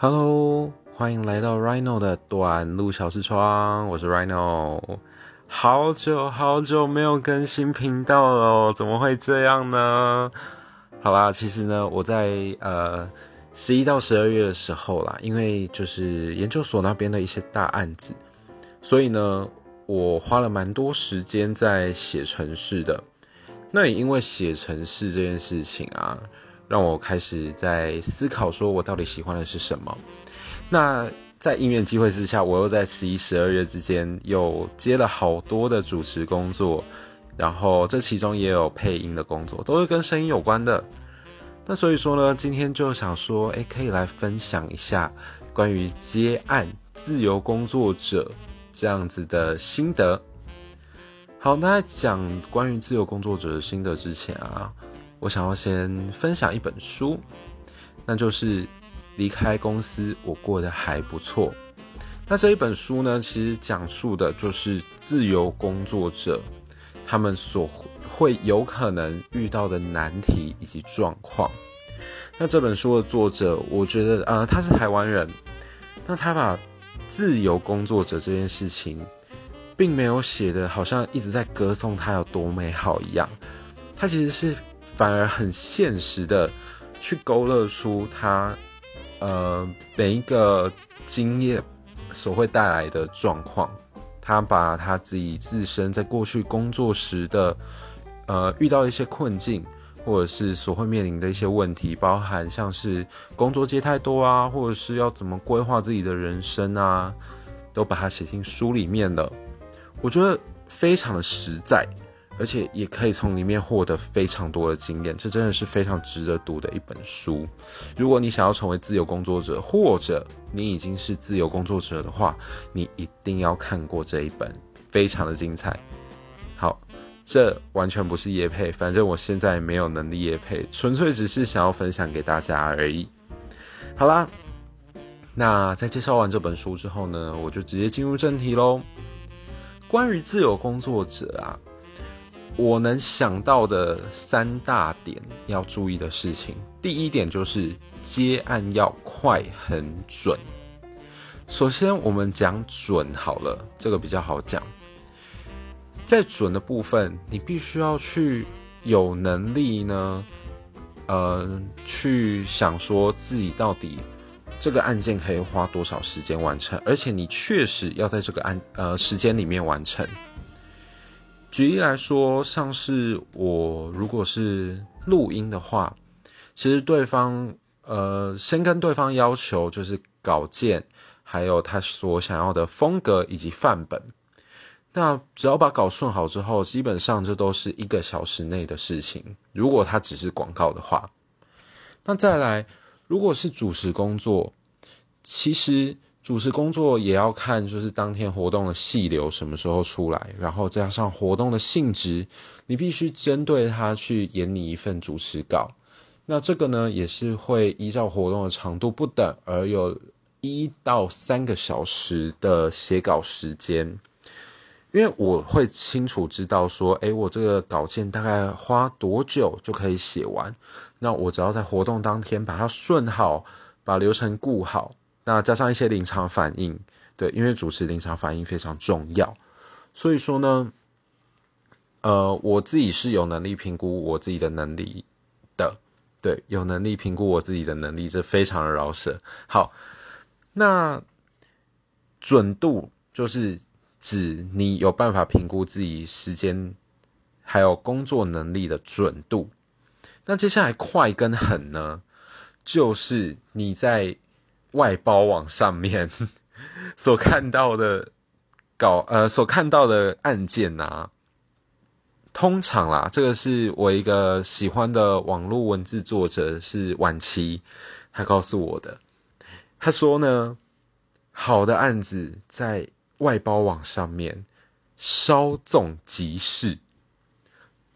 Hello，歡迎來到 Ryno 的短路小視窗，我是 Ryno。好久好久沒有更新頻道了，怎麼會這樣呢？好啦，其實呢，我在呃十一到十二月的時候啦，因為就是研究所那邊的一些大案子，所以呢，我花了蠻多時間在寫程式的。的那也因為寫程式這件事情啊。讓我開始在思考，說我到底喜歡的是什麼。那在因緣際會之下，我又在十一、十二月之間又接了好多的主持工作，然後這其中也有配音的工作，都是跟聲音有關的。那所以說呢，今天就想說，誒，可以來分享一下關於接案自由工作者這樣子的心得。好，那在講關於自由工作者的心得之前啊。我想要先分享一本書，那就是《離開公司，我過得還不錯》。那這一本書呢，其實講述的就是自由工作者他們所會有可能遇到的難題以及狀況。那這本書的作者，我覺得呃，他是台灣人。那他把自由工作者這件事情，並沒有寫得好像一直在歌頌他有多美好一樣，他其實是。反而很現實的，去勾勒出他，呃，每一個經驗所會帶來的狀況。他把他自己自身在過去工作時的，呃，遇到一些困境，或者是所會面臨的一些問題，包含像是工作接太多啊，或者是要怎麼規劃自己的人生啊，都把它寫進書裡面了。我覺得非常的實在。而且也可以從裡面獲得非常多的經驗，這真的是非常值得讀的一本書。如果你想要成為自由工作者，或者你已經是自由工作者的話，你一定要看過這一本，非常的精彩。好，這完全不是業配，反正我現在沒有能力業配，純粹只是想要分享給大家而已。好啦，那在介紹完這本書之後呢，我就直接進入正題嘍。關於自由工作者啊。我能想到的三大點要注意的事情，第一點就是接案要快很準。首先，我們講準好了，這個比較好講。在準的部分，你必須要去有能力呢，嗯、呃，去想說自己到底這個案件可以花多少時間完成，而且你確實要在這個案呃時間裡面完成。舉例來說，像是我如果是錄音的話，其實對方呃，先跟對方要求就是稿件，還有他所想要的風格以及範本。那只要把稿順好之後，基本上這都是一個小時內的事情。如果他只是廣告的話，那再來如果是主持工作，其實。主持工作也要看，就是當天活動的細流什麼時候出來，然後再加上活動的性質，你必須針對它去研擬一份主持稿。那這個呢，也是會依照活動的長度不等，而有一到三個小時的寫稿時間。因為我會清楚知道說，哎、欸，我這個稿件大概花多久就可以寫完。那我只要在活動當天把它順好，把流程顧好。那加上一些臨場反應，對，因為主持臨場反應非常重要，所以說呢，呃，我自己是有能力評估我自己的能力的，對，有能力評估我自己的能力，這非常的饒舌。好，那準度就是指你有辦法評估自己時間還有工作能力的準度。那接下來快跟狠呢，就是你在。外包網上面所看到的稿、稿，呃所看到的案件啊，通常啦，這個是我一個喜歡的網絡文字作者是晚期，他告訴我的，他說呢，好的案子在外包網上面稍縱即逝，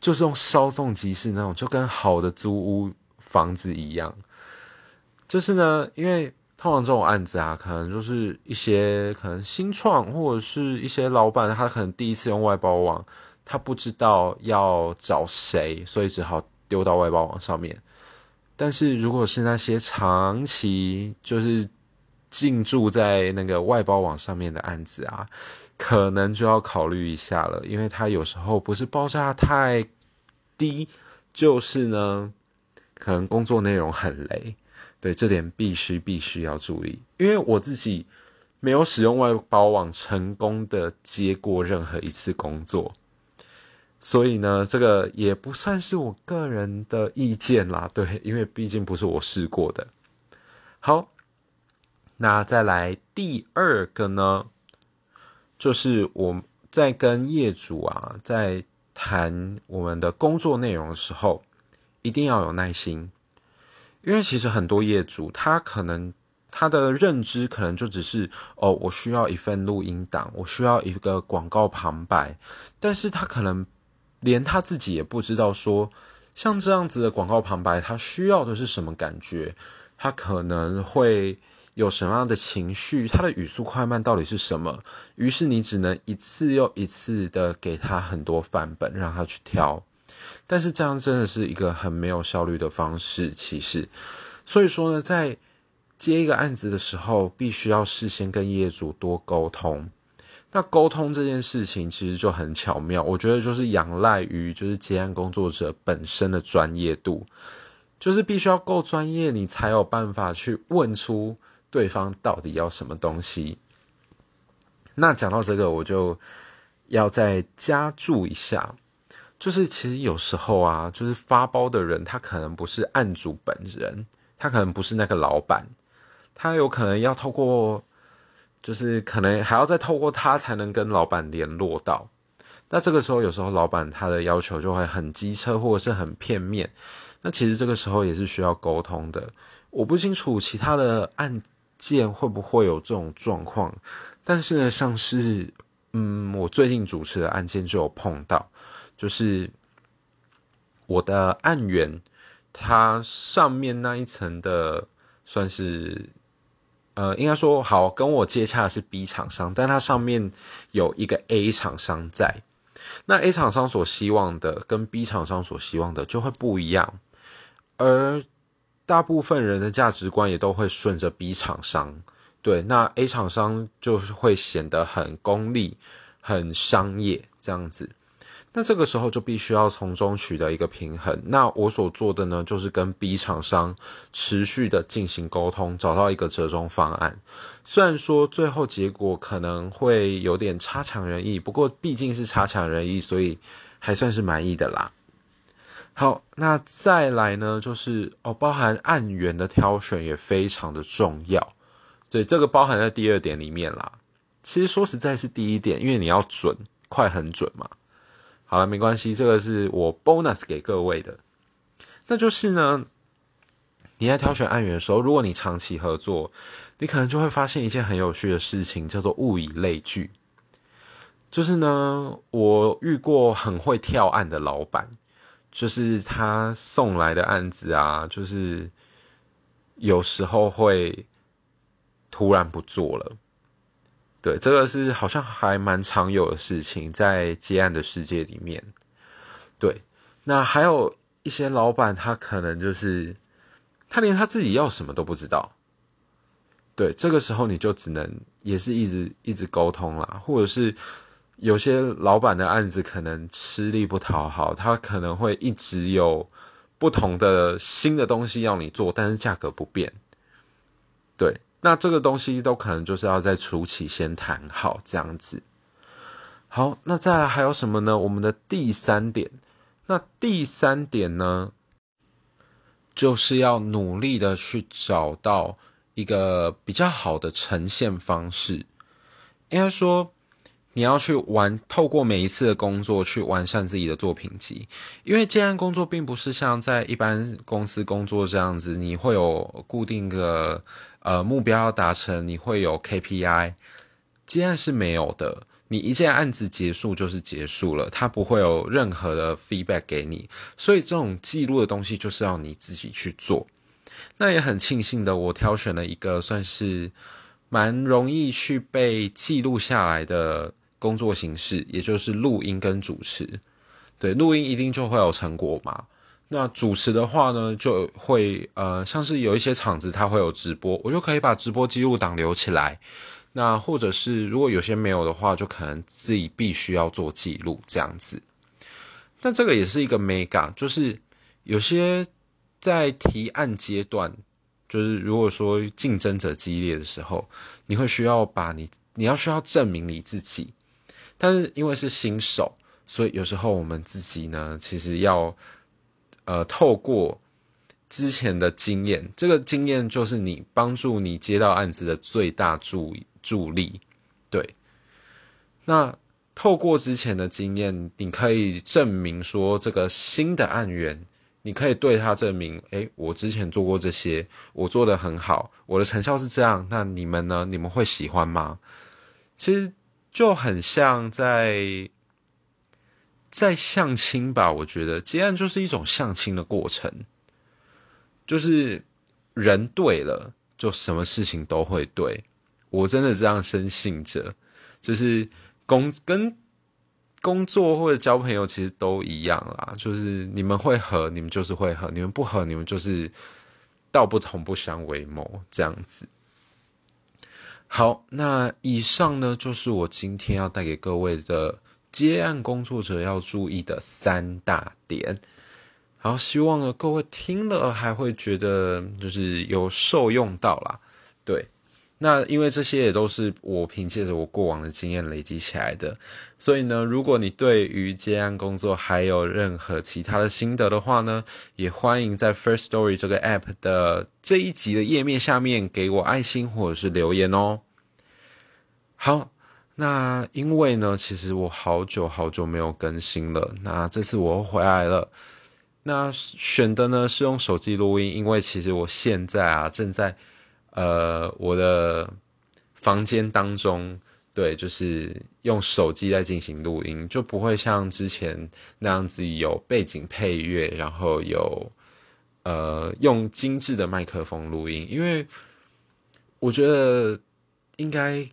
就是用稍縱即逝那種，就跟好的租屋房子一樣，就是呢，因為。通常這種案子啊，可能就是一些可能新創或者是一些老板，他可能第一次用外包網，他不知道要找誰，所以只好丟到外包網上面。但是如果是那些長期就是進駐在那個外包網上面的案子啊，可能就要考慮一下了，因為他有時候不是報價太低，就是呢，可能工作內容很累。對，這點必須必須要注意，因為我自己沒有使用外包網成功的接過任何一次工作，所以呢，這個也不算是我個人的意見啦。對，因為畢竟不是我試過的。好，那再來第二個呢，就是我在跟業主啊，在談我們的工作內容的時候，一定要有耐心。因為其實很多業主，他可能他的認知可能就只是哦，我需要一份錄音檔，我需要一個廣告旁白，但是他可能連他自己也不知道說，像這樣子的廣告旁白，他需要的是什麼感覺？他可能會有什麼樣的情緒？他的語速快慢到底是什麼？於是你只能一次又一次的給他很多範本，讓他去挑。但是這樣真的是一個很沒有效率的方式，其實，所以說呢，在接一個案子的時候，必須要事先跟業主多溝通。那溝通這件事情其實就很巧妙，我覺得就是仰賴於就是接案工作者本身的專業度，就是必須要夠專業，你才有辦法去問出對方到底要什麼東西。那講到這個，我就要再加注一下。就是其實有時候啊，就是發包的人他可能不是案主本人，他可能不是那個老闆，他有可能要透過，就是可能還要再透過他才能跟老闆聯絡到。那這個時候有時候老闆他的要求就會很機車或者是很片面。那其實這個時候也是需要溝通的。我不清楚其他的案件會不會有這種狀況，但是呢，像是嗯，我最近主持的案件就有碰到。就是我的案源，它上面那一層的算是，呃，應該說好跟我接洽是 B 廠商，但它上面有一個 A 廠商在。那 A 廠商所希望的跟 B 廠商所希望的就會不一樣，而大部分人的價值觀也都會順着 B 廠商，對，那 A 廠商就是會顯得很功利、很商業這樣子。那這個時候就必須要從中取得一個平衡。那我所做的呢，就是跟 B 廠商持續的進行溝通，找到一個折中方案。雖然說最後結果可能會有點差強人意，不過畢竟是差強人意，所以還算是滿意的啦。好，那再來呢，就是哦，包含案源的挑選也非常的重要，對，這個包含在第二點裡面啦。其實說實在是第一點，因為你要準、快、很準嘛。好了，沒關係，這個是我 bonus 給各位的。那就是呢，你在挑選案源的時候，如果你長期合作，你可能就會發現一件很有趣的事情，叫做物以類聚。就是呢，我遇過很會跳案的老闆，就是他送來的案子啊，就是有時候會突然不做了。對，這個是好像還蠻常有的事情，在接案的世界裡面。對，那還有一些老闆，他可能就是他連他自己要什麼都不知道。對，這個時候你就只能也是一直一直溝通啦，或者是有些老闆的案子可能吃力不討好，他可能會一直有不同的新的東西要你做，但是價格不變。對。那這個東西都可能就是要在初期先談好這樣子。好，那再來還有什麼呢？我們的第三點，那第三點呢，就是要努力的去找到一個比較好的呈現方式，應該說。你要去完透過每一次的工作去完善自己的作品集，因為接案工作並不是像在一般公司工作這樣子，你會有固定個呃目標要達成，你會有 KPI，接案是沒有的，你一件案子結束就是結束了，它不會有任何的 feedback 給你，所以這種記錄的東西就是要你自己去做。那也很慶幸的，我挑選了一個算是蠻容易去被記錄下來的。工作形式，也就是錄音跟主持，對，錄音一定就會有成果嘛。那主持的話呢，就會呃，像是有一些場子它會有直播，我就可以把直播記錄檔留起來。那或者是如果有些沒有的話，就可能自己必須要做記錄這樣子。但這個也是一個 mega，就是有些在提案階段，就是如果說競爭者激烈的時候，你會需要把你，你要需要證明你自己。但是因為是新手，所以有時候我們自己呢，其實要，呃，透過之前的經驗，這個經驗就是你幫助你接到案子的最大助助力。對，那透過之前的經驗，你可以證明說，這個新的案源，你可以對他證明：哎、欸，我之前做過這些，我做得很好，我的成效是這樣。那你們呢？你們會喜歡嗎？其實。就很像在在相親吧，我覺得接案就是一種相親的過程，就是人對了，就什麼事情都會對。我真的這樣深信着，就是工跟工作或者交朋友其實都一樣啦，就是你們會合，你們就是會合；你們不合，你們就是道不同不相為謀這樣子。好，那以上呢，就是我今天要帶給各位的接案工作者要注意的三大點。好，希望呢各位聽了還會覺得就是有受用到啦，對。那因為這些也都是我憑借着我過往的經驗累積起來的，所以呢，如果你對於接案工作還有任何其他的心得的話呢，也歡迎在 Firstory 這個 App 的這一集的頁面下面給我愛心或者是留言哦。好，那因為呢，其實我好久好久沒有更新了，那這次我又回來了。那選的呢是用手機錄音，因為其實我現在啊正在。呃，我的房間當中，對，就是用手機在進行錄音，就不會像之前那樣子有背景配樂，然後有呃用精緻的麥克風錄音，因為我覺得應該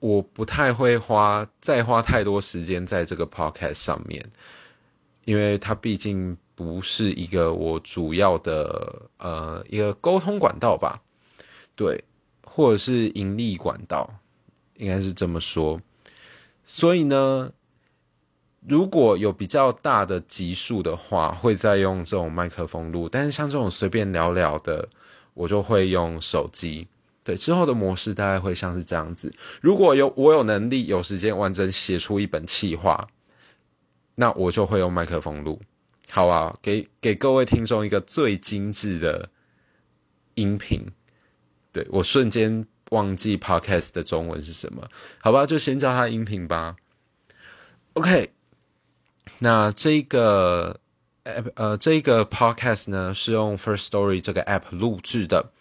我不太會花再花太多時間在這個 podcast 上面，因為它畢竟不是一個我主要的呃一個溝通管道吧。對，或者是盈利管道，應該是這麼說。所以呢，如果有比較大的集數的話，會再用這種麥克風錄。但是像這種隨便聊聊的，我就會用手機。對，之後的模式大概會像是這樣子。如果有我有能力、有時間，完整寫出一本企劃，那我就會用麥克風錄，好吧？給給各位聽眾一個最精緻的音頻。對，我瞬間忘記 podcast 的中文是什麼。好吧，就先叫它音頻吧。OK，那這個。呃，呃，這個 podcast 呢是用 Firstory 這個 app 錄製的。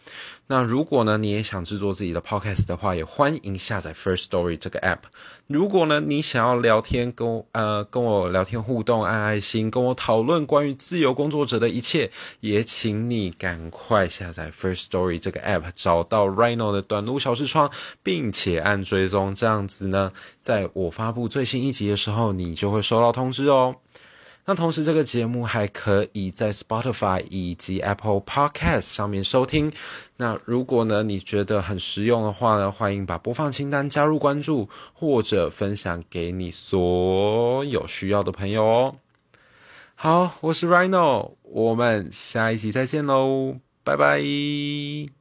那如果呢，你也想製作自己的 podcast 的話，也歡迎下載 Firstory 這個 app。如果呢，你想要聊天，跟呃跟我聊天互動，按愛心，跟我討論關於自由工作者的一切，也請你趕快下載 Firstory 這個 app，找到 Ryno 的短路小視窗，並且按追蹤，這樣子呢，在我發布最新一集的時候，你就會收到通知哦。那同時，這個節目還可以在 Spotify 以及 Apple Podcast 上面收聽。那如果呢，你覺得很實用的話呢，歡迎把播放清單加入關注，或者分享給你所有需要的朋友哦。好，我是 Ryno，我們下一集再見嘍，拜拜。